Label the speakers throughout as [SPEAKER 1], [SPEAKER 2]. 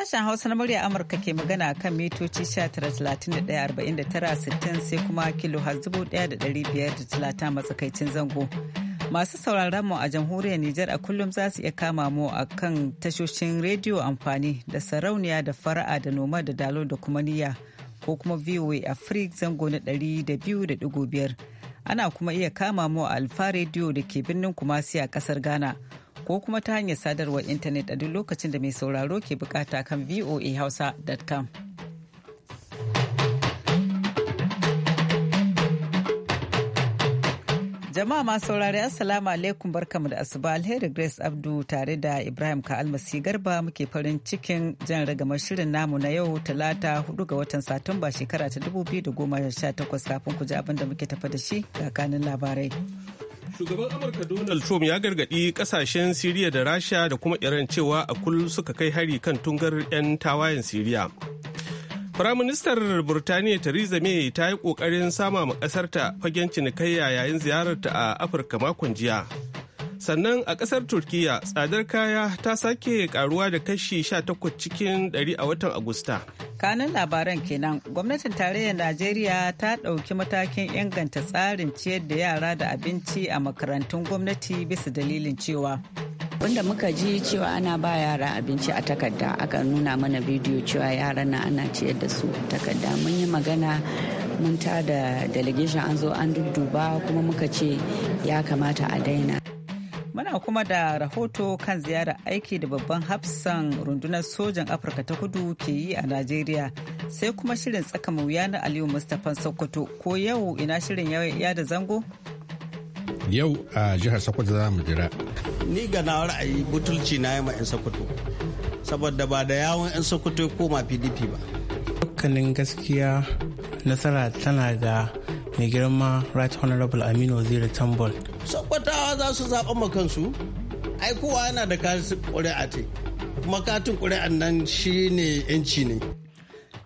[SPEAKER 1] Sashen Hausa na murya Amurka ke magana kan mitoci 19,31,49,60 sai kuma kilo talata matsakaicin zango. Masu sauraron mu a jamhuriyar Nijar a kullum za su iya kama mu a kan tashoshin rediyo amfani da sarauniya da fara'a da noma da dalo da kuma niyya ko kuma VOA Africa zango na 200.5. Ana kuma iya kama mu a Alfa rediyo da ke birnin Kumasi a kasar Ghana. ko kuma ta hanyar sadarwar intanet a duk lokacin da mai sauraro ke bukata kan voahausa.com. Jama'a ma saurari Assalamu alaikum barkamu da asuba alheri Grace Abdu tare da Ibrahim ka almasi Garba muke farin cikin jan ragamar shirin namu na yau talata 4 ga watan Satumba shekara ta 2018 kafin ku ji abin da muke tafa da shi ga labarai. Shugaban Amurka
[SPEAKER 2] Donald Trump ya gargaɗi ƙasashen Siriya da Rasha da kuma Iran cewa a kullum suka kai hari kan tungar 'yan tawayen Siriya. Firaministar Burtaniya Theresa May ta yi ƙoƙarin sama ma ƙasarta fagen cinikayya yayin ziyararta a Afirka makon jiya. sannan a kasar turkiya tsadar kaya ta sake karuwa da kashi 18 cikin 100 a watan agusta
[SPEAKER 1] kanan labaran kenan gwamnatin tarayyar najeriya ta ɗauki matakin inganta tsarin ciyar da yara da abinci a makarantun gwamnati bisa dalilin cewa
[SPEAKER 3] wanda muka ji cewa ana ba yara abinci a takarda aka nuna mana bidiyo cewa yara na ana ciyar da su takarda mun yi magana mun da delegation an zo an dudduba kuma muka ce ya kamata a daina
[SPEAKER 1] Muna kuma da rahoto kan ziyarar aiki da babban hafsan rundunar sojan Afirka ta kudu ke yi a Najeriya. Sai kuma shirin tsaka wuya na Aliyu Mustapha Sokoto ko yau ina shirin ya da zango?
[SPEAKER 4] Yau a jihar Sokoto za mu jira.
[SPEAKER 1] Ni ga na
[SPEAKER 5] ra'ayi butulci na yamma 'yan Sokoto. Saboda ba da yawon 'yan Sokoto ko ma PDP ba. Dukkanin gaskiya nasara tana da mai girma Right Honorable Aminu Waziri Tambol. sakwatawa za su zaɓa kansu, ai kowa yana da katin ƙuri'a te kuma katin ƙuri'an nan shi ne 'yanci ne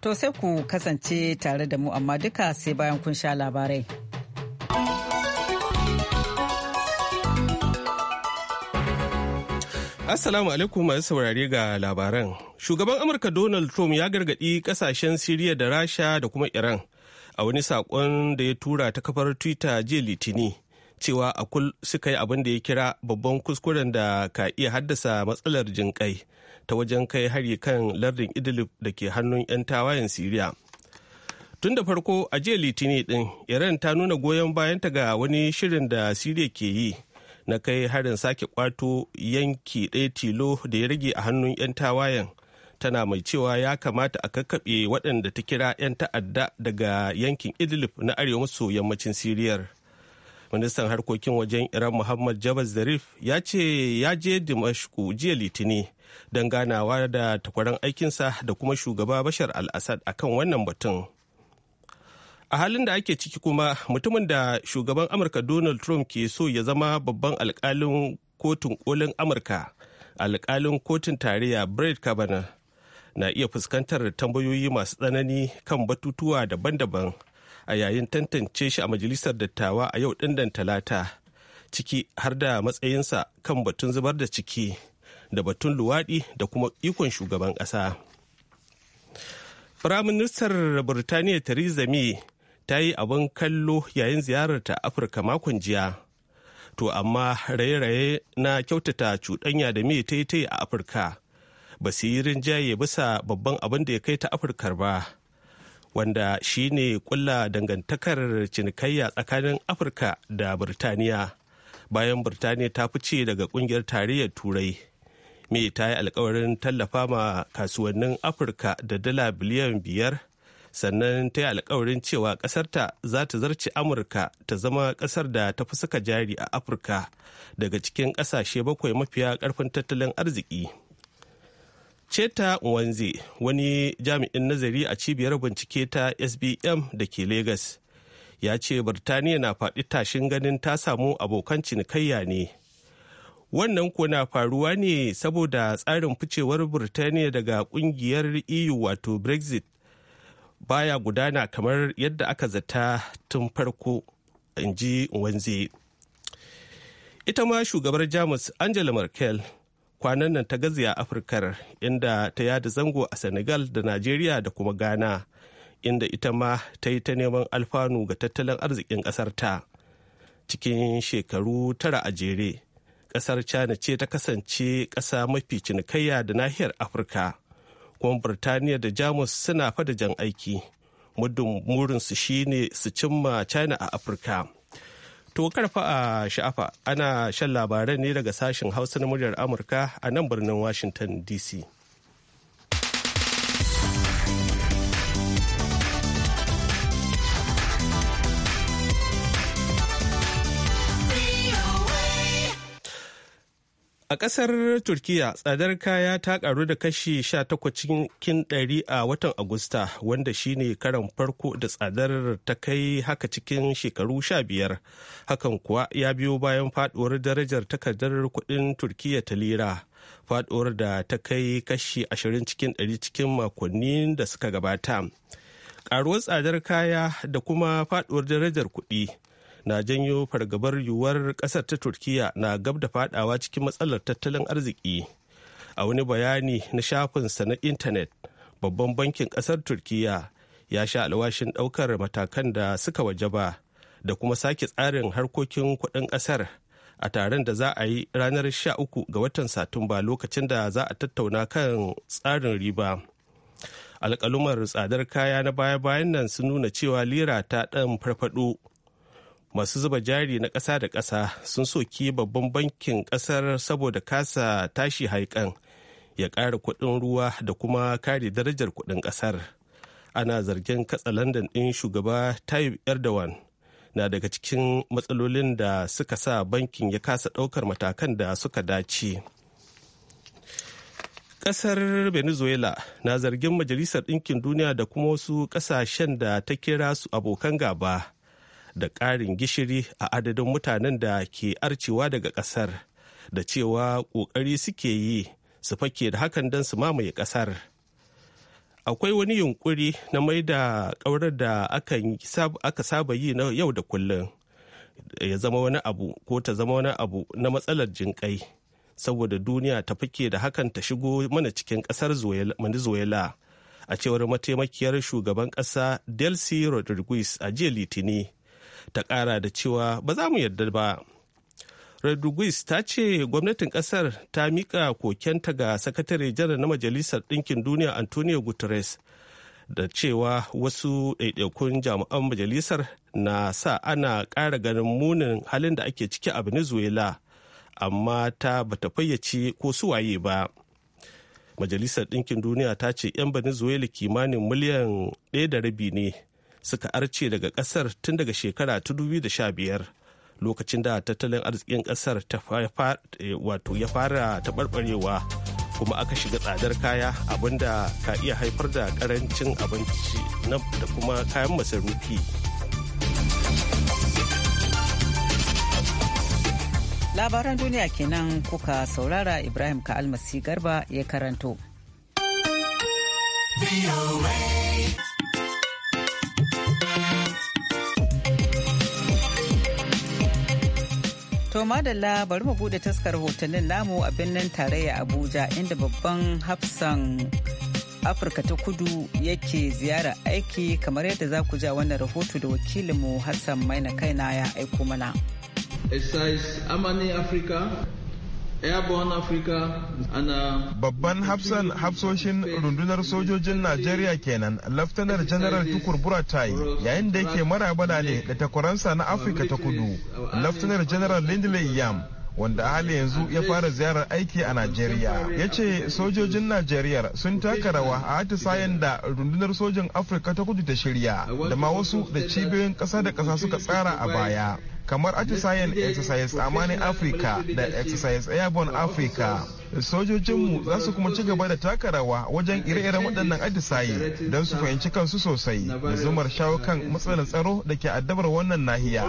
[SPEAKER 1] to sai ku kasance tare da mu amma duka sai bayan kun sha labarai
[SPEAKER 2] Assalamu alaikum masu saurare ga labaran. Shugaban Amurka Donald Trump ya gargaɗi ƙasashen Siriya da Rasha da kuma Iran a wani saƙon da ya tura ta kafar Twitter jiya Litini cewa a kul suka yi abin da ya kira babban kuskuren da ka iya haddasa matsalar jinƙai ta wajen kai hari kan lardin idlib da ke hannun 'yan tawayen siriya tun da farko a jiya litinin din iran ta nuna goyon bayanta ga wani shirin da siriya ke yi na kai harin sake kwato yanki ɗaya tilo da ya rage a hannun 'yan tawayen tana mai cewa ya kamata a kakkaɓe waɗanda ta kira 'yan ta'adda daga yankin idlib na arewa maso yammacin siriyar ministan harkokin wajen iran muhammad jabal zarif ya ce ya je dimashku jiya litini don ganawa da takwaran aikinsa da kuma shugaba bashar al-assad akan wannan batun a halin da ake ciki kuma mutumin da shugaban amurka donald trump ke so ya zama babban alkalin kotun kolin amurka alkalin kotun tarayya brett kavanaugh na iya fuskantar tambayoyi masu tsanani kan batutuwa daban-daban a yayin tantance shi a majalisar dattawa a yau 'dan talata ciki har da matsayinsa kan batun zubar da ciki da batun luwaɗi da kuma ikon shugaban ƙasa. Firaministar Birtaniya Theresa May ta yi abin kallo yayin ziyararta Afirka makon jiya. To amma raye-raye na kyautata cuɗanya da mai ta a Afirka ba su yi rinjaye bisa babban abin da ya kai ta afirka ba. wanda shi ne kulla dangantakar cinikayya tsakanin afirka da birtaniya bayan birtaniya ta fice daga kungiyar tarayyar turai me ta yi alkawarin tallafa ma kasuwannin afirka da dala biliyan biyar sannan ta yi alkawarin cewa ƙasarta za ta zarce amurka ta zama ƙasar da ta fi saka jari a afirka daga cikin ƙasashe bakwai mafiya ƙarfin tattalin arziki Cheta Owanze wani jami'in nazari a cibiyar bincike ta SBM da ke Legas ya ce Birtaniya na faɗi tashin ganin ta samu abokan cinikayya ne. Wannan ko na faruwa ne saboda tsarin ficewar Birtaniya daga ƙungiyar EU wato Brexit baya gudana kamar yadda aka zata tun farko, in ji Wanze. Ita ma shugabar Jamus Angela Merkel kwanan nan ta a afirkar inda ta yada zango a senegal da najeriya da kuma ghana inda ita ma ta yi ta neman alfanu ga tattalin arzikin ƙasar ta cikin shekaru tara a jere ƙasar china ce ta kasance ƙasa mafi cinikayya da nahiyar afirka kuma birtaniya da jamus suna fada jan aiki muddin murinsu shine su cimma china a afirka To fa a sha'afa ana shan labaran ne daga sashen Hausa na muryar Amurka a nan birnin Washington DC. A ƙasar Turkiya tsadar kaya ta ƙaru da kashi 18 cikin 100 a watan Agusta wanda shi ne karan farko da tsadar ta kai haka cikin shekaru 15. Hakan kuwa ya biyo bayan faɗuwar darajar takardar kuɗin Turkiya ta lira. faɗuwar da ta kai kashi 20 cikin 100 cikin makonni da suka gabata. Ƙaruwar tsadar kaya da kuma faɗuwar darajar kuɗi. na janyo fargabar yiwuwar ƙasar ta turkiya na gab da fadawa cikin matsalar tattalin arziki a wani bayani na shafinsa na intanet babban bankin ƙasar turkiya ya sha alwashin ɗaukar matakan da suka waje ba da kuma sake tsarin harkokin kuɗin ƙasar a taron da za a yi ranar 13 ga watan satumba lokacin da za a tattauna kan tsarin riba alkalumar tsadar kaya na baya-bayan nan sun nuna cewa lira ta ɗan farfaɗo masu zuba jari na ƙasa da ƙasa sun soki babban bankin ƙasar saboda kasa tashi haikan ya ƙara kuɗin ruwa da kuma kare darajar kuɗin ƙasar ana zargin katsa london ɗin shugaba tayyip erdogan na daga cikin matsalolin da suka sa bankin ya kasa ɗaukar matakan da suka dace ƙasar venezuela na zargin majalisar ɗinkin duniya da kuma wasu ƙasashen da ta kira su abokan gaba da ƙarin gishiri a adadin mutanen da ke arcewa daga ƙasar da cewa ƙoƙari suke yi su fake da hakan don su mamaye ƙasar akwai wani yunkuri na mai da ƙaurar da aka saba yi na yau da kullum ya zama wani abu ko ta zama wani abu na matsalar jinƙai saboda duniya ta fake da hakan ta shigo mana cikin ƙasar venezuela a cewar mataimakiyar shugaban ƙasa delcy rodriguez a jiya litini ta ƙara da cewa ba za mu yarda ba. Rodriguez ta ce gwamnatin ƙasar ta mika kokenta ga sakatare janar na Majalisar Ɗinkin Duniya Antonio Guterres da cewa wasu ɗaiɗaikun jami'an majalisar na sa ana ƙara ganin munin halin da ake ciki a Venezuela, amma ta bata fayyace ko su waye ba. Majalisar Ɗinkin Duniya ta ce 'yan Venezuela kimanin miliyan ɗaya da rabi ne. suka arce daga kasar tun daga shekara ta 2015 lokacin da tattalin arzikin kasar eh, wato ya fara taɓarɓarewa kuma aka shiga tsadar kaya abinda ka iya haifar da karancin abinci da kuma kayan masarufi
[SPEAKER 1] labaran duniya kenan kuka saurara ibrahim ka almasi garba ya karanto To madalla bari mu bude taskar hotunan namu a birnin tarayya Abuja inda babban hafsan Afirka ta kudu yake ziyara aiki kamar yadda za ku ja wannan rahoto da wakilinmu Hassan Maina Kaina ya aiko mana.
[SPEAKER 6] Exercise Amani Africa Airborne Africa
[SPEAKER 7] ana Babban hafsan hafsoshin rundunar sojojin Najeriya kenan Laftanar General Tukur Buratai yayin da yake marabada ne da takwaransa na Afirka ta Kudu Laftanar General Lindley Yam wanda a hali yanzu ya fara ziyarar aiki a Najeriya. Ya ce sojojin Najeriya sun taka rawa a sayan da rundunar sojin Afirka ta kudu ta shirya da ma wasu da cibiyoyin kasa da kasa suka tsara a baya. kamar Atisayen Exercise Amanin Africa da Exercise Airborne Africa. Sojojinmu za su kuma ci gaba da taka rawa wajen ire-iren waɗannan atisaye don su fahimci kansu sosai da zumar shawo kan matsalar tsaro da ke addabar wannan nahiya.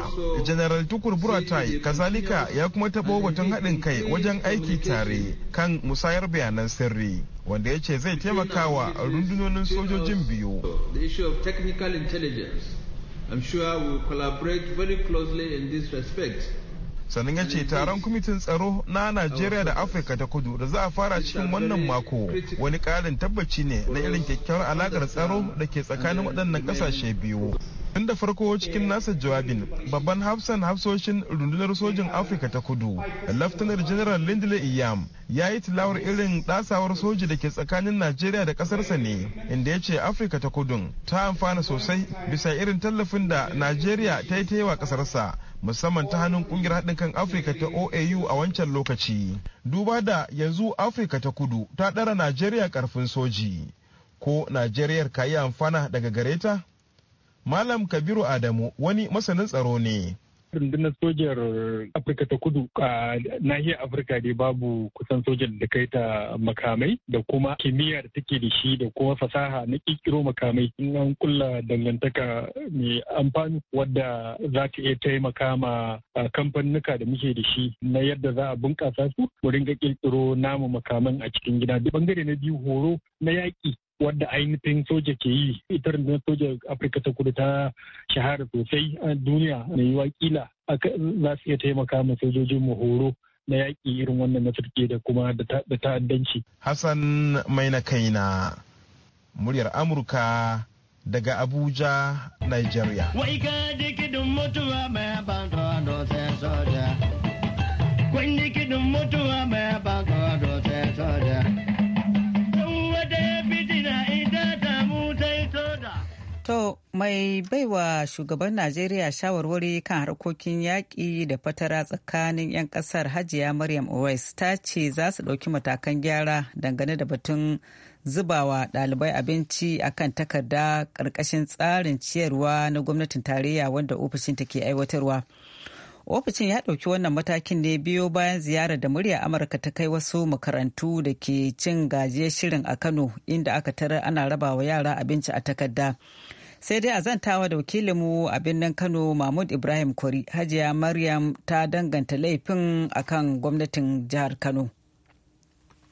[SPEAKER 7] General Tukur Buratai kazalika ya kuma taɓo batun haɗin kai wajen aiki tare kan musayar bayanan sirri. wanda ya ce zai taimakawa rundunonin sojojin biyu.
[SPEAKER 2] I'm sure we'll collaborate very closely
[SPEAKER 4] in this respect.
[SPEAKER 7] sannan ya ce taron kwamitin tsaro na najeriya da afirka ta kudu da za a fara cikin wannan mako wani karin tabbaci ne na irin kyakkyawar alakar tsaro da ke tsakanin waɗannan ƙasashe biyu tun da farko cikin nasa jawabin babban hafsan hafsoshin rundunar sojin afirka ta kudu laftanar general lindley iyam ya yi tilawar irin ɗasawar soji da ke tsakanin najeriya da ƙasarsa ne inda ya ce afirka ta kudun ta amfana sosai bisa irin tallafin da najeriya ta yi ta yi wa ƙasarsa musamman ta hannun kungiyar haɗin kan afirka ta oau a wancan lokaci duba da yanzu afirka ta kudu ta ɗara najeriya ƙarfin soji ko Najeriya ka yi amfana daga gareta malam kabiru adamu wani masanin tsaro ne rundunar sojar afirka ta kudu a nahiyar afirka dai babu kusan sojan da kai ta makamai da kuma kimiyya da take da shi da kuma fasaha na kirkiro makamai in an kulla dangantaka mai amfani wadda za ta iya taimaka ma kamfanuka da muke da shi na yadda za a bunƙasa su mu ga kirkiro namu makaman a cikin gida bangare na biyu horo na yaƙi wadda ainihin soja ke yi ita da soja afirka ta kudu ta shahara sosai a duniya na yi wakila za su iya taimaka ma sojojin mu horo na yaƙi irin wannan na turke da kuma da ta'addanci. hassan mai na kaina muryar amurka daga Abuja, Nigeria. Wai
[SPEAKER 1] To mai baiwa shugaban Najeriya shawarwari kan harkokin yaƙi da fatara tsakanin 'yan ƙasar Hajiya Maryam Owais ta ce za su ɗauki matakan gyara dangane da batun zubawa ɗalibai abinci a kan takarda ƙarƙashin tsarin ciyarwa na gwamnatin tarayya wanda ofishinta ke aiwatarwa. ofishin ya ɗauki wannan matakin ne biyo bayan ziyarar da murya amurka ta kai wasu makarantu da ke cin gajiyar shirin a kano inda aka tarar ana rabawa yara abinci a takarda sai dai a zantawa da wakilinmu a birnin kano mahmud ibrahim kuri hajiya maryam ta danganta laifin akan gwamnatin jihar kano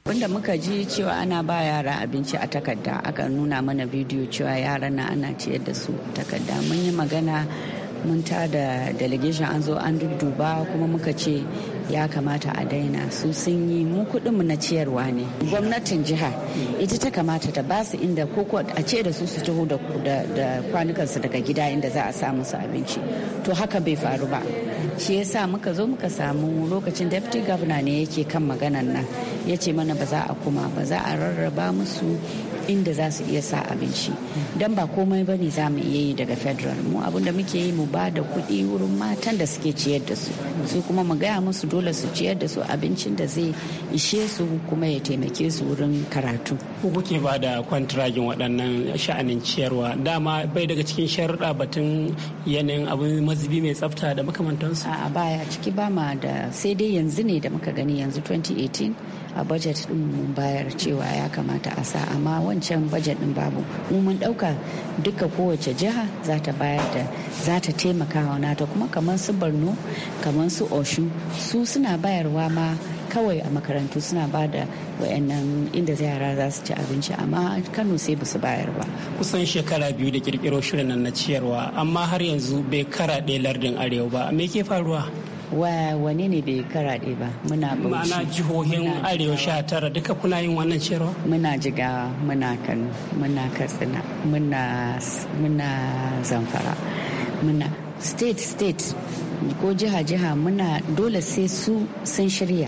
[SPEAKER 3] wanda muka ji cewa ana ba yara abinci a takarda aka nuna mana bidiyo cewa yara na ana ciyar da su takarda mun yi magana mun ta da delegation an zo an dudduba kuma muka ce ya kamata a daina su sun yi mu kuɗinmu na ciyarwa ne gwamnatin jiha ita ta kamata ta ba su inda ko a ce da su su taho da kwanukansu daga gida inda za a sa musu abinci to haka bai faru ba shi yasa muka zo muka samu lokacin deputy governor ne yake kan maganan nan ya ce mana ba za a kuma ba za a rarraba musu inda za su iya sa abinci don ba komai ba ne za mu iya yi daga federal mu abun da muke yi mu ba da kuɗi wurin matan da suke ciyar da su su kuma mu gaya musu dole su ciyar da su abincin da zai ishe su kuma ya taimake su wurin karatu
[SPEAKER 8] ko kuke ba da kwantiragin waɗannan sha'anin ciyarwa dama bai daga cikin sharuɗa batun yanayin abin mazubi mai tsafta da
[SPEAKER 3] makamantansu a baya ciki ba ma da sai dai yanzu ne da muka gani yanzu 2018 a budget din mun bayar cewa ya kamata a sa amma wancan budget din babu mu mun dauka duka kowace jiha za ta bayar da za ta taimaka wa nata kuma kamar su borno kamar su oshu su suna bayarwa ma kawai a makarantu suna ba da wayannan inda yara za su ci abinci amma kano sai ba su bayar ba kusan
[SPEAKER 8] shekara biyu da kirkiro shirin nan na ciyarwa amma har yanzu bai kara ɗaya lardin arewa ba me ke faruwa
[SPEAKER 3] wa wani ne bai karaɗe ba muna bauchi ma'ana
[SPEAKER 8] jihohin arewa sha tara duka kuna yin wannan cewa
[SPEAKER 3] muna jigawa muna kano muna katsina muna muna zamfara muna state state ko jiha jiha muna dole sai su sun shirya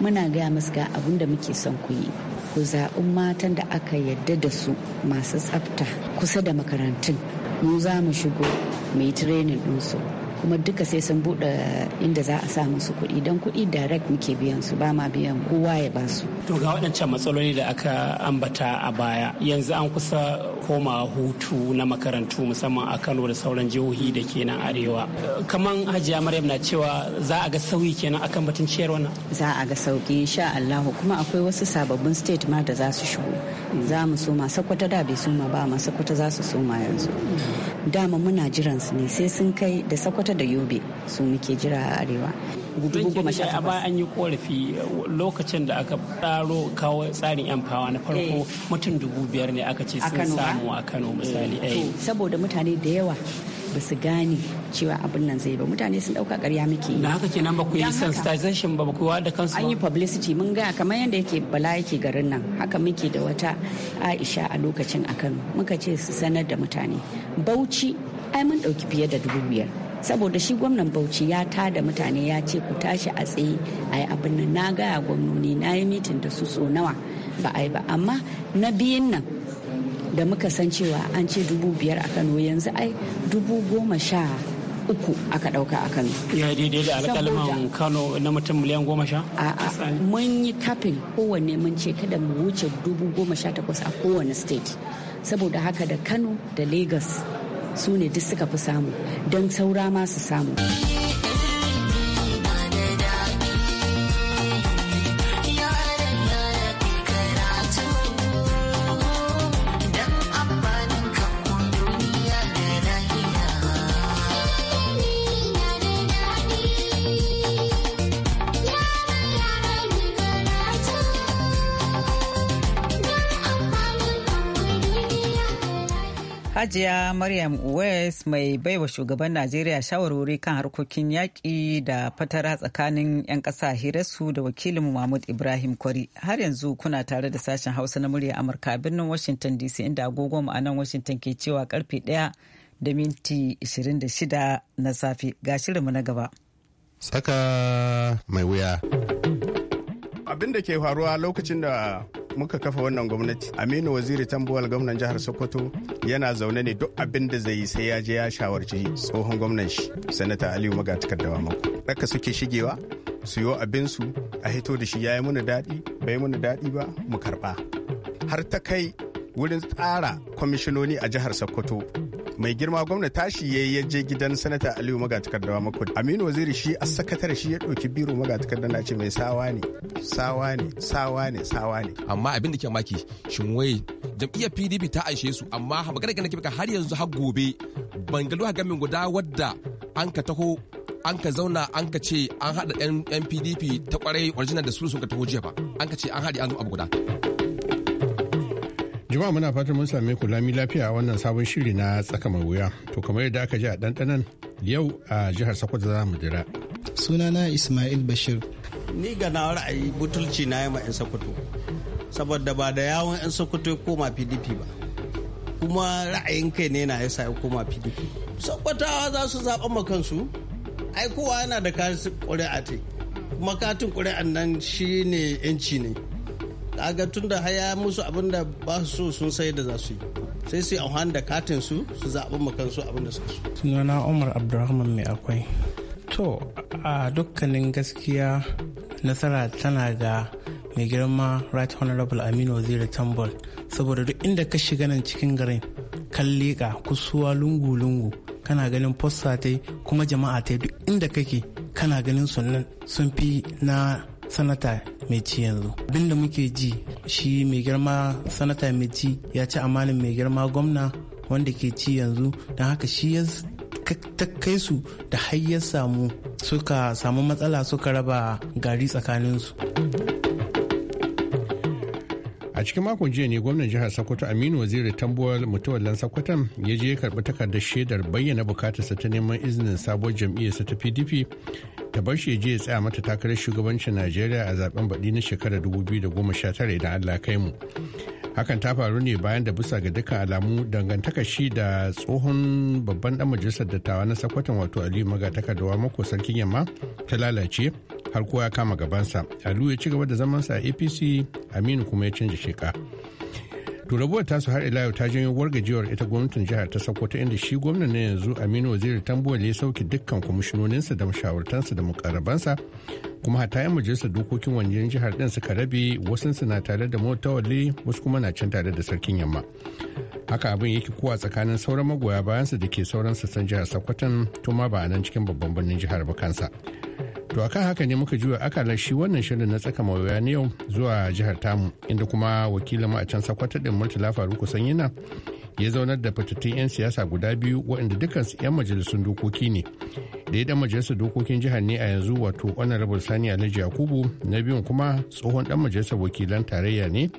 [SPEAKER 3] muna gaya musu ga abin da muke son ku yi ku zaɓi matan da aka yadda da su masu tsafta kusa da makarantun mu za mu shigo mu yi training ɗinsu kuma duka sai sun buɗe inda za a sa musu kuɗi don kuɗi direct muke biyan su ba ma biyan kowa ya ba su.
[SPEAKER 8] To ga waɗancan matsaloli da aka ambata a baya yanzu an kusa koma hutu na makarantu musamman a Kano da sauran jihohi da ke nan arewa. Kaman Hajiya Maryam na cewa za a ga sauyi kenan akan batun ciyarwa nan.
[SPEAKER 3] Za a ga sauki insha allahu kuma akwai wasu sababbin state ma da za su shigo. Za mu soma Sokoto da bai soma ba ma Sokoto za su soma yanzu. dama muna jiran su ne sai sun kai da sakwata da yobe su muke jira a arewa a
[SPEAKER 8] an yi korafi lokacin da aka tsaro kawo tsarin yan fawa na farko eh. mutum dubu biyar ne aka ce sun samu a kano
[SPEAKER 3] misali eh. Eh. saboda mutane da yawa ba su gane cewa abin nan zai ba mutane sun dauka ƙarya muke yi da haka kenan ba ku yi sensitization ba ku da kansu an yi publicity mun ga kamar yadda yake bala yake garin nan haka muke da wata Aisha a lokacin a Kano muka ce su sanar da mutane Bauchi ai mun dauki fiye da dubu biyar saboda shi gwamnan bauchi ya ta da mutane ya ce ku tashi a tsaye a yi abin nan na gaya gwamnoni na yi mitin da su so nawa ba a yi ba amma na biyun nan da muka san cewa an ce dubu biyar a kano yanzu ai dubu goma sha uku aka dauka a kano ya daidai da alkalman
[SPEAKER 8] kano na mutum miliyan goma sha
[SPEAKER 3] a'a mun yi kafin kowanne mun ce kada mu wuce dubu goma sha takwas a kowane state saboda haka da kano da lagos su ne duk suka fi samu don saura ma su samu
[SPEAKER 1] Hajiya Maryam West mai baiwa shugaban Najeriya shawarwari kan harkokin yaƙi da fatara tsakanin 'yan ƙasa hirarsu da wakilin Mahmud Ibrahim Kwari. Har yanzu kuna tare da sashen Hausa na murya Amurka birnin Washington DC inda agogon a nan Washington ke cewa karfe 1 da minti 26 na safe. Ga shirinmu na gaba.
[SPEAKER 4] Saka mai wuya.
[SPEAKER 9] abin da ke faruwa lokacin da muka kafa wannan gwamnati aminu waziri tambuwal gwamnan jihar sokoto yana zaune ne duk abin da zai yi sai ya je ya shawarci tsohon gwamnan shi sanata aliyu magatakar da mako haka suke shigewa su yi abinsu a hito da shi ya yi muna daɗi bai muna daɗi ba mu karɓa har ta kai wurin tsara kwamishinoni a jihar Sokoto. Mai girma gwamna tashi ya je gidan sanata Aliyu magatakardawa makud. Aminu Waziri shi a sakatar shi ya ɗauki biro magatakarda na ce mai sawa ne, sawa ne, sawa ne, sawa ne. Amma abin da ke maki shin wai
[SPEAKER 6] jam'iyyar PDP ta aishe su amma magana gana kifika har yanzu har gobe bangalu hagamin guda wadda an ka taho an ka zauna an ka ce an haɗa 'yan pdp ta kwarai original da su sun ka taho jiya ba an ka ce an haɗe an zo abu guda
[SPEAKER 4] Jama'a muna fatan mun same ku lami lafiya a wannan sabon shiri na tsaka mai wuya. To kamar yadda aka ji a ɗanɗanan yau a jihar Sokoto za
[SPEAKER 5] mu jira. Sunana Ismail Bashir. Ni ga na ra'ayi butulci na yamma 'yan Sokoto. Saboda ba da yawon 'yan Sokoto ya koma PDP ba. Kuma ra'ayin kai ne na yasa ya koma PDP. Sokotawa za su zaɓa ma kansu. Ai kowa yana da kasu ƙuri'a te. Kuma katin ƙuri'an nan shi ne 'yanci ne. kaga tun da haya musu abin da ba su so sun sai da za su yi sai su amfani da katin su su zaɓi su abin da suka so. sunana umar abdulrahman mai akwai to a dukkanin gaskiya nasara tana ga mai girma right honorable aminu waziri tambol saboda duk inda ka shiga nan cikin garin kan leƙa kusuwa lungu-lungu kana ganin fossa ta kuma jama'a ta duk inda kake kana ganin sunan sun fi na sanata mai ci yanzu abin da muke ji shi mai girma sanata mai ci ya ci amanin mai girma gwamna wanda ke ci yanzu don haka shi ya ta kai su da har ya samu suka samu matsala suka raba gari tsakaninsu.
[SPEAKER 4] a cikin makon jiya ne gwamnan jihar sokoto aminu waziri tambuwar mutuwallan sokoton ya je ya takardar shaidar bayyana bukatarsa ta neman izinin sabuwar jam'iyyarsa ta pdp ta bar shi je ya tsaya mata takarar shugabancin najeriya a zaben baɗi na shekarar 2019 idan allah kai mu hakan ta faru ne bayan da bisa ga dukkan alamu dangantakar shi da tsohon babban dan majalisar dattawa na sakwatan wato aliyu maga takardawa mako sarkin yamma ta lalace har kowa ya kama gabansa aliyu ya ci gaba da zamansa a apc aminu kuma ya canza sheka to rabuwar tasu har ila yau ta janyo wargajiyar ita gwamnatin jihar ta sokoto inda shi gwamnan na yanzu aminu waziri tambuwa ya sauke dukkan kwamishinoninsa da mashawartansa da mukarabansa kuma hata yan majalisar dokokin wajen jihar din suka rabe wasu na tare da motawalli wasu kuma na can tare da sarkin yamma haka abin yake kuwa tsakanin sauran magoya bayansa da ke sauran sassan jihar sokoton tuma ba nan cikin babban birnin jihar ba kansa To a akan haka ne muka juya aka shi wannan shirin na tsaka mawuya na yau zuwa jihar tamu inda kuma wakilin mu a can sakwata din Murtala Faruku Sanyina ya zaunar da fitattun 'yan siyasa guda biyu waɗanda dukansu 'yan majalisun dokoki ne. Da ya ɗan majalisar dokokin jihar ne a yanzu wato Honorable Sani Alhaji Yakubu na biyun kuma tsohon ɗan majalisar wakilan tarayya ne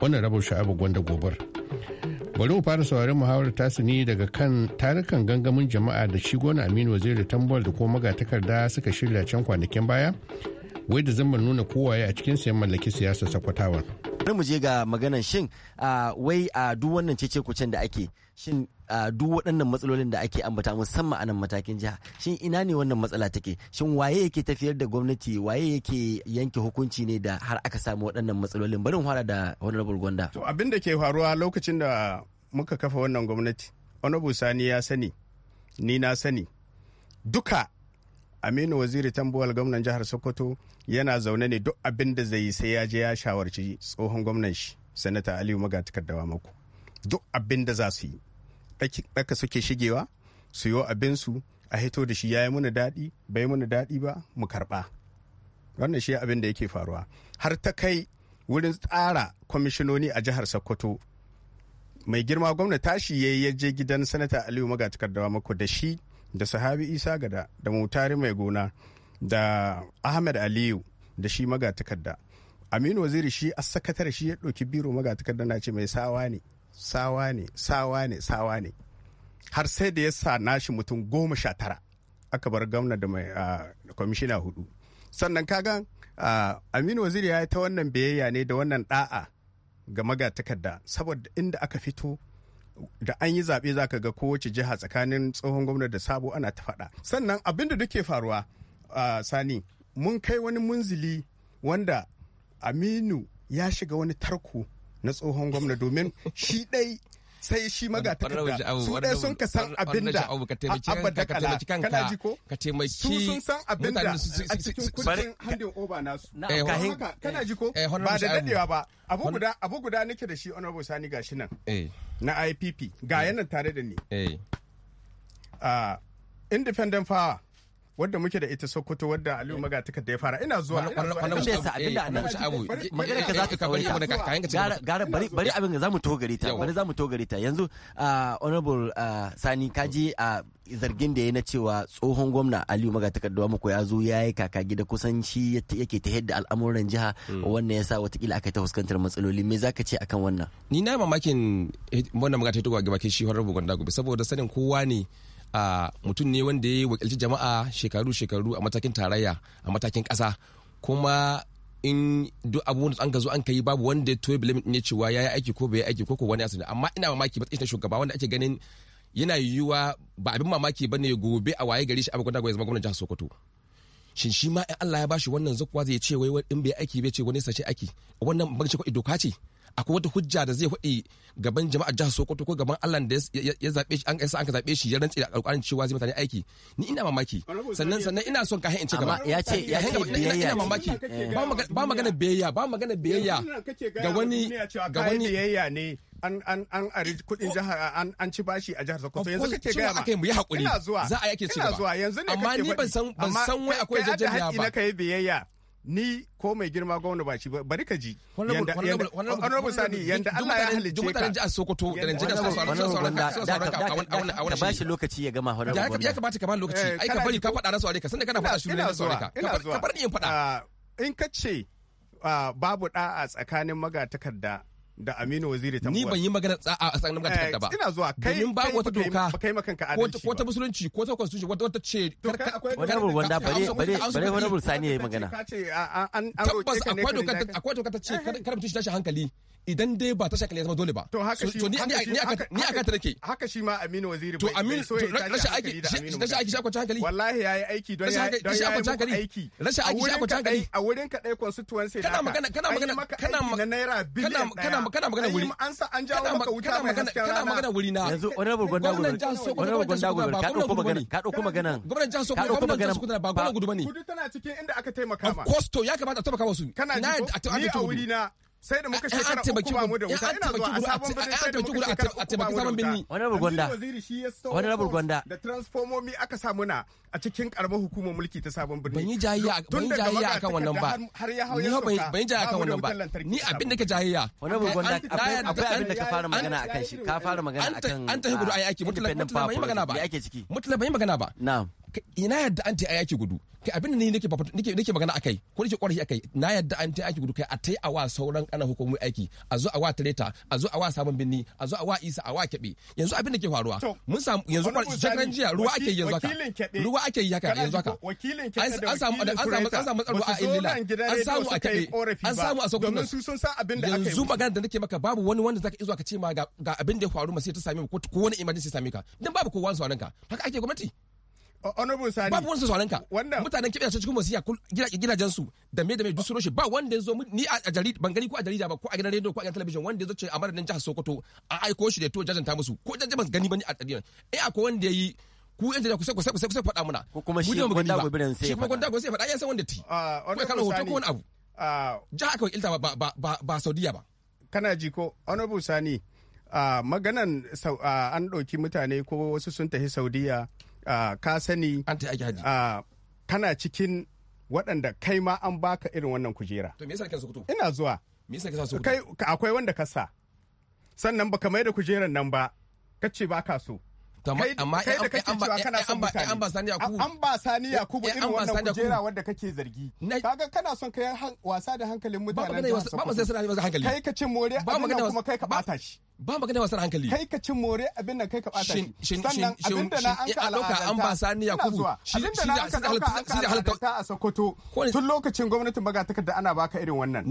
[SPEAKER 4] Honorable Sha'abu Gwanda Gobar. bari mu fara sauraron muhawarar tasu ne daga kan tarukan gangamin jama'a da shi gona aminu waziri tambol da kuma magatakarda suka shirya can kwanakin baya wai da zaman nuna kowaye a cikin sayan mallaki siyasar
[SPEAKER 9] sakwatawa bari mu je ga magana shin wai a duk wannan cece kucen da ake shin duk waɗannan matsalolin da ake ambata musamman a nan matakin jiha shin ina ne wannan matsala take shin waye yake tafiyar da gwamnati waye yake yanke hukunci ne da har aka samu waɗannan matsalolin bari mu fara da honorable gwanda to abin da ke faruwa lokacin da muka kafa wannan gwamnati honorable sani ya sani ni na sani duka aminu waziri tambuwal gwamnan jihar sokoto yana zaune ne duk abin da zai yi sai ya je ya shawarci tsohon gwamnan shi sanata aliyu dawa mako duk abin da za su yi ɗaka suke shigewa su yi abinsu a hito da shi ya yi muna daɗi bai muna daɗi ba mu karɓa wannan shi abin da yake faruwa har ta kai wurin tsara kwamishinoni a jihar sokoto mai girma gwamna tashi ya je gidan sanata aliyu dawa mako da shi da sahabi isa gada da mutari mai gona da ahmed aliyu da shi magatakarda aminu waziri shi a sakatare shi ya ɗauki biro magatakarda na ce mai sawa ne sawa ne sawa ne sawa ne har sai da ya sa nashi mutum goma sha tara aka bar gwamna da mai kwamishina hudu sannan kagan aminu waziri ya yi ta wannan biyayya ne da wannan da'a ga magatakarda saboda inda aka fito da an yi zaɓe za ka ga kowace jiha tsakanin tsohon gwamna da sabo ana ta faɗa sannan abin da duke faruwa a sani mun kai wani munzili wanda aminu ya shiga wani tarko na tsohon gwamna domin shi ɗai sai shi maga takarda su dai sun ka san abin da abada kala kana ji ko su sun san abin da a cikin kudin handin oba nasu eh, kana eh, ji ko eh, ba da dadewa ba abu guda abu guda nake da shi honorable sani gashi nan na IPP ga yanan tare da ni ah, independent power wadda muke da ita Sokoto wadda Aliyu eh. Maga takarda ya fara ina zuwa abin da yasa abu eh, magana za ta kawaita gara bari bari abin da zamu to gare ta bari zamu to gare ta yanzu uh, honorable uh, Sani kaji a uh, zargin da ya na cewa tsohon gwamna Aliyu Maga takarda muku ya zo yayi kaka gida kusan shi yake ta yadda al'amuran jiha hmm. wannan ya sa watakila aka ta fuskantar matsaloli me zaka ce akan wannan
[SPEAKER 6] ni na mamakin eh, wannan magana ta tuka ga bakin shi honorable Gwanda gobe saboda sanin kowa ne mutum ne wanda ya wakilci jama'a shekaru-shekaru a matakin tarayya a matakin ƙasa kuma in duk abubuwan da an zo an kai babu wanda to bilimin ne cewa ya yi aiki ko bai yi aiki ko ko wani asali amma ina mamaki ba na shugaba wanda ake ganin yana yiwuwa ba abin mamaki ba ne gobe a waye gari shi abin kwanta ya zama gwamnan jihar sokoto shin shi ma in Allah ya bashi wannan zakuwa zai ce wai in bai aiki bai ce wani sace aiki wannan ban shi ko doka ce akwai wata hujja da zai faɗi gaban jama'ar jihar Sokoto ko gaban Allah da ya zabe shi an kai an ka zabe shi ya rantsi da alƙawarin cewa zai mutane aiki ni ina mamaki sannan sannan ina
[SPEAKER 9] son ka hin in ci gaba ya ce ya biyayya ina mamaki ba magana biyayya ba magana biyayya
[SPEAKER 4] ga wani ga wani
[SPEAKER 9] biyayya ne an an an ari kudin jihar an an ci bashi a jihar Sokoto yanzu kake ga ma kai mu yi hakuri za a yake ci gaba amma ni ban san ban san wai akwai jajjaliya ba kai biyayya ni ko mai girma gwamna ba shi ba bari ka ji honorable sani yanda Allah ya halicce ka mutanen jihar Sokoto da Najeriya su sauran a wani ba shi lokaci ya gama honorable gwamna ya kamata ka ba lokaci ai ka bari ka faɗa na saurare ka sanda kana faɗa shiru na saurare ka ka bar ni in faɗa in ka ce babu da'a tsakanin magatakarda da Aminu Waziri Tambuwal. Ni ban yi magana a tsakanin magana eh, ba. Ina zuwa kai domin babu wata doka ko ta musulunci ko ta constitution wata wata ce kar wanda bare bare bare wani Sani yayi magana. Tabbas akwai doka akwai doka ta ce eh,
[SPEAKER 6] kar mutum shi tashi hankali. idan dai ba ta shakali ya zama dole ba. To haka shi ni aka ta
[SPEAKER 9] Haka shi ma Aminu Waziri to Aminu so aiki rashin aiki shi hankali. Wallahi yayi aiki don ya hankali. aiki. Rashin aiki shi hankali. A wurin ka dai constituency kana magana kana magana kana
[SPEAKER 6] na naira biliyan kana kana magana wuri. An sa an jawo maka wuta mai hasken rana. Kana magana wuri na. Yanzu honorable Gonda Honorable Gonda ka dauko ka dauko magana.
[SPEAKER 9] inda aka taimaka ma. Of
[SPEAKER 6] a
[SPEAKER 9] taimaka ko ni a wuri na sai da muka shekara uku ba mu da wuta ina zuwa a sabon birni sai ba burgonda wani burgonda da transformomi aka sa muna a cikin karamar hukumar mulki ta akan wannan ba ni ban yi akan wannan ba ni
[SPEAKER 6] abin ka wani akwai
[SPEAKER 9] abin ka fara magana akan shi ka fara magana akan an ban yi magana ba
[SPEAKER 6] magana ba ina yadda an ta yaki gudu kai abin da ni nake nake nake magana akai ko nake kwarashi akai na yadda an ta yaki gudu kai a tai a wa sauran kana hukumomi aiki a zo a wa tareta a zo a wa sabon binni a zo a wa isa a wa kebe yanzu abin da ke faruwa mun samu yanzu shakaran jiya ruwa ake yanzu haka ruwa ake yi haka yanzu haka
[SPEAKER 9] an samu an samu an samu tsaro a indila an samu a kebe an samu a sokoto domin su sun san abin da aka yi yanzu
[SPEAKER 6] magana da nake maka babu wani wanda zaka izo ka ce ma ga abin da ya faru ma sai ta same ko wani emergency same ka dan babu kowa sauran ka haka ake gwamnati honorable sani babu
[SPEAKER 9] cikin
[SPEAKER 6] wasiya gidajen su da me ba wanda ni a jarid ban gani ko a jarida ba ko a gidan rediyo ko a gidan talabijin wanda ya zo ce a maradin jihar Sokoto a aiko shi da to jajanta musu ko jajjaban gani bane a tsadiyan eh akwai wanda yayi ku yan jarida kusa kusa kusa kusa faɗa muna ko kuma shi gobiran sai ya faɗa
[SPEAKER 9] ya faɗa ya san wanda ti ah, hoto ko wani abu ah. kawai ilta ba ba ba kana ji ko honorable sani ah, maganan an ɗauki mutane ko wasu sun tafi saudiya ka sani kana cikin waɗanda kai ma an baka irin wannan kujera. To me yasa kake sokoto? Ina zuwa. Me yasa kake sokoto? Kai akwai wanda ka sa. Sannan baka mai da kujeran nan ba. Kace ba ka so. kai da eh, kake cewa eh, kana eh, son mutane an ba sani yakubu an ba sani yakubu irin wannan kujera wanda kake zargi kaga kana son kai wasa da hankalin mutanen ba mu sai suna wasa hankali kai ka cin more abin nan kuma kai ka bata shi ba magana wasan hankali kai ka cin more abin nan kai ka bata shi sannan abin da na an ka alaka an ba sani yakubu abin da na an ka dauka an ka a Sokoto tun lokacin gwamnatin baga takarda ana baka irin wannan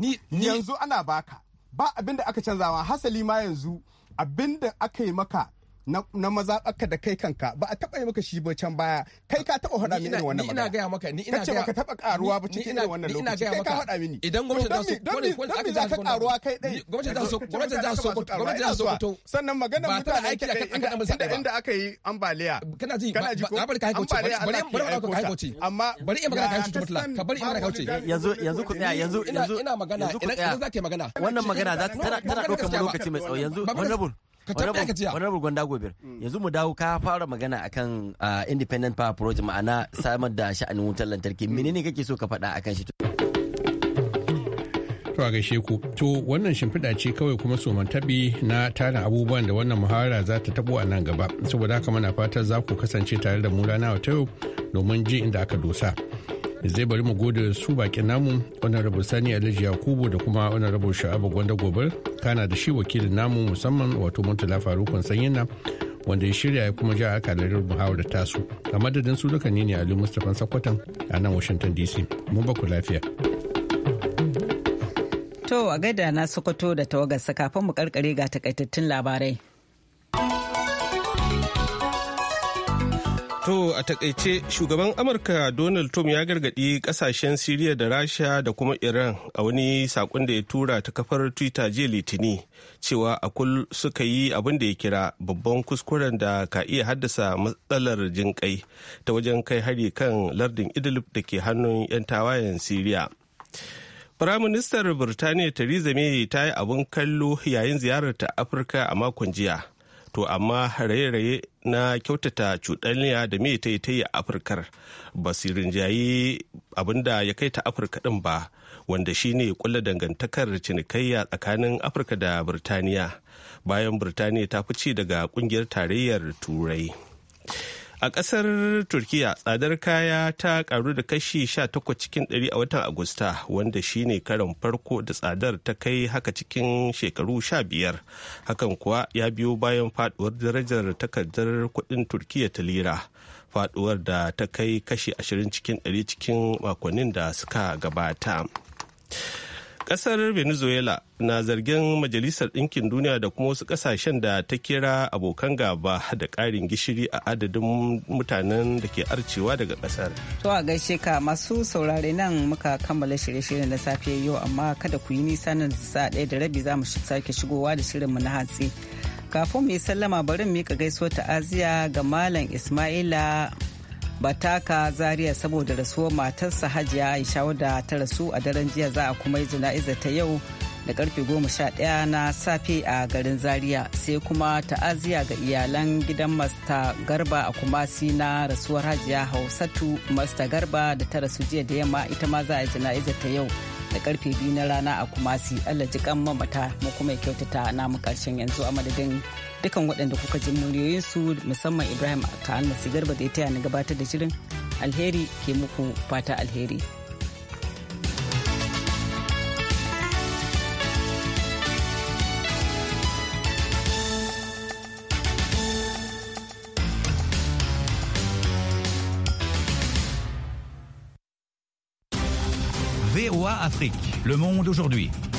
[SPEAKER 9] yanzu ana baka ba abin da aka canzawa hasali ma yanzu abin da aka yi maka na maza aka da kai kanka ba a taba yi maka shi ba can baya kai ka taba hada mini irin wannan magana ina
[SPEAKER 6] gaya maka ni ina gaya ka taba karuwa ba cikin wannan lokaci ina kai maka hada mini idan gwamnati za su don me za ka karuwa kai dai gwamnati za su gwamnati za su gwamnati za su so sannan magana mutane ake kai inda
[SPEAKER 9] inda aka yi ambaliya kana ji kana ji ko bari ka haihuce bari bari ka haihuce amma bari in magana ka haihuce mutla ka bari in magana ka haihuce yanzu yanzu ku tsaya yanzu yanzu ina magana idan zaka
[SPEAKER 6] yi magana wannan magana za ta tana tana ɗaukar lokaci mai tsawo yanzu honorable ka tabbata gwanda gobir mm.
[SPEAKER 9] yanzu mu dawo ka fara magana akan ah, independent power project ma'ana samar da sha'anin wutar lantarki mm. ne kake so ka faɗa akan shi
[SPEAKER 4] To a gaishe ku, to wannan shimfiɗa ce kawai kuma tabi na tarin abubuwan da wannan muhawara za ta tabo a nan gaba. Saboda haka muna fatan za ku kasance tare da mu rana ta yau domin ji inda aka dosa. zai bari mu gode su bakin namu honorable sani alhaji yakubu da kuma honorable sha'abu gwanda gobel kana da shi wakilin namu musamman wato murtala farukun sanyin na wanda ya shirya ya kuma ja akalarin muhawar tasu a madadin su duka ne ali mustapha sakwatan a nan washington dc mun baku lafiya
[SPEAKER 1] to a gaida na sokoto da tawagarsa kafin mu karkare ga takaitattun labarai
[SPEAKER 2] To a takaice shugaban Amurka Donald Trump ya gargadi kasashen Siriya da Rasha da kuma Iran a wani sakon da ya tura ta kafar Twitter jiya Litini cewa kul suka yi abin da ya kira babban kuskuren da ka iya haddasa matsalar jinƙai ta wajen kai hari kan lardin Idlib da ke hannun 'yan tawayen Siriya. Firaministar Birtaniya Theresa May ta yi abin kallo yayin ziyararta Afirka a makon jiya. to amma raye-raye na kyautata cuɗanya da me ta yi a afirkar ba su rinjayi abinda ya kai ta afirka ɗin ba wanda shi ne kulla dangantakar cinikayya tsakanin afirka da birtaniya bayan birtaniya ta fice daga kungiyar tarayyar turai A ƙasar Turkiya tsadar kaya ta karu da kashi 18 cikin 100 a watan Agusta wanda shine karin farko da tsadar ta kai haka cikin shekaru 15. Hakan kuwa ya biyo bayan faduwar darajar takardar kuɗin Turkiya ta lira. Faduwar da ta kai kashi 20 cikin 100 cikin makonnin da suka gabata. kasar Venezuela na zargin Majalisar Ɗinkin Duniya da kuma wasu ƙasashen da ta kira abokan gaba da ƙarin gishiri a adadin mutanen da ke arcewa daga ƙasar.
[SPEAKER 1] To a gaishe ka masu saurare nan muka kammala shirye shirye na safe yau amma kada ku yi nisa nan sa ɗaya da rabi za mu sake shigowa da shirinmu na hatsi. Kafin mu yi sallama bari mu ka gaisuwar ta'aziya ga Malam Ismaila bataka zaria saboda rasuwar matarsa hajiya aisha wadda ta rasu a daren jiya za a kuma yi jana'izar ta yau da karfe 11 na safe a garin zaria sai kuma ta'aziya ga iyalan gidan masta garba a kumasi na rasuwar hajiya hausatu masta garba da ta rasu jiya da yamma ita ma za a yi jana'izar ta yau da karfe biyu na rana a kumasi allah kan mamata mu kuma kyautata namu karshen yanzu a madadin dukan waɗanda kuka ji muryoyinsu musamman ibrahim kalmasi garba da ya taya na gabatar da shirin alheri ke muku fata alheri VOA Afrique, le monde aujourd'hui.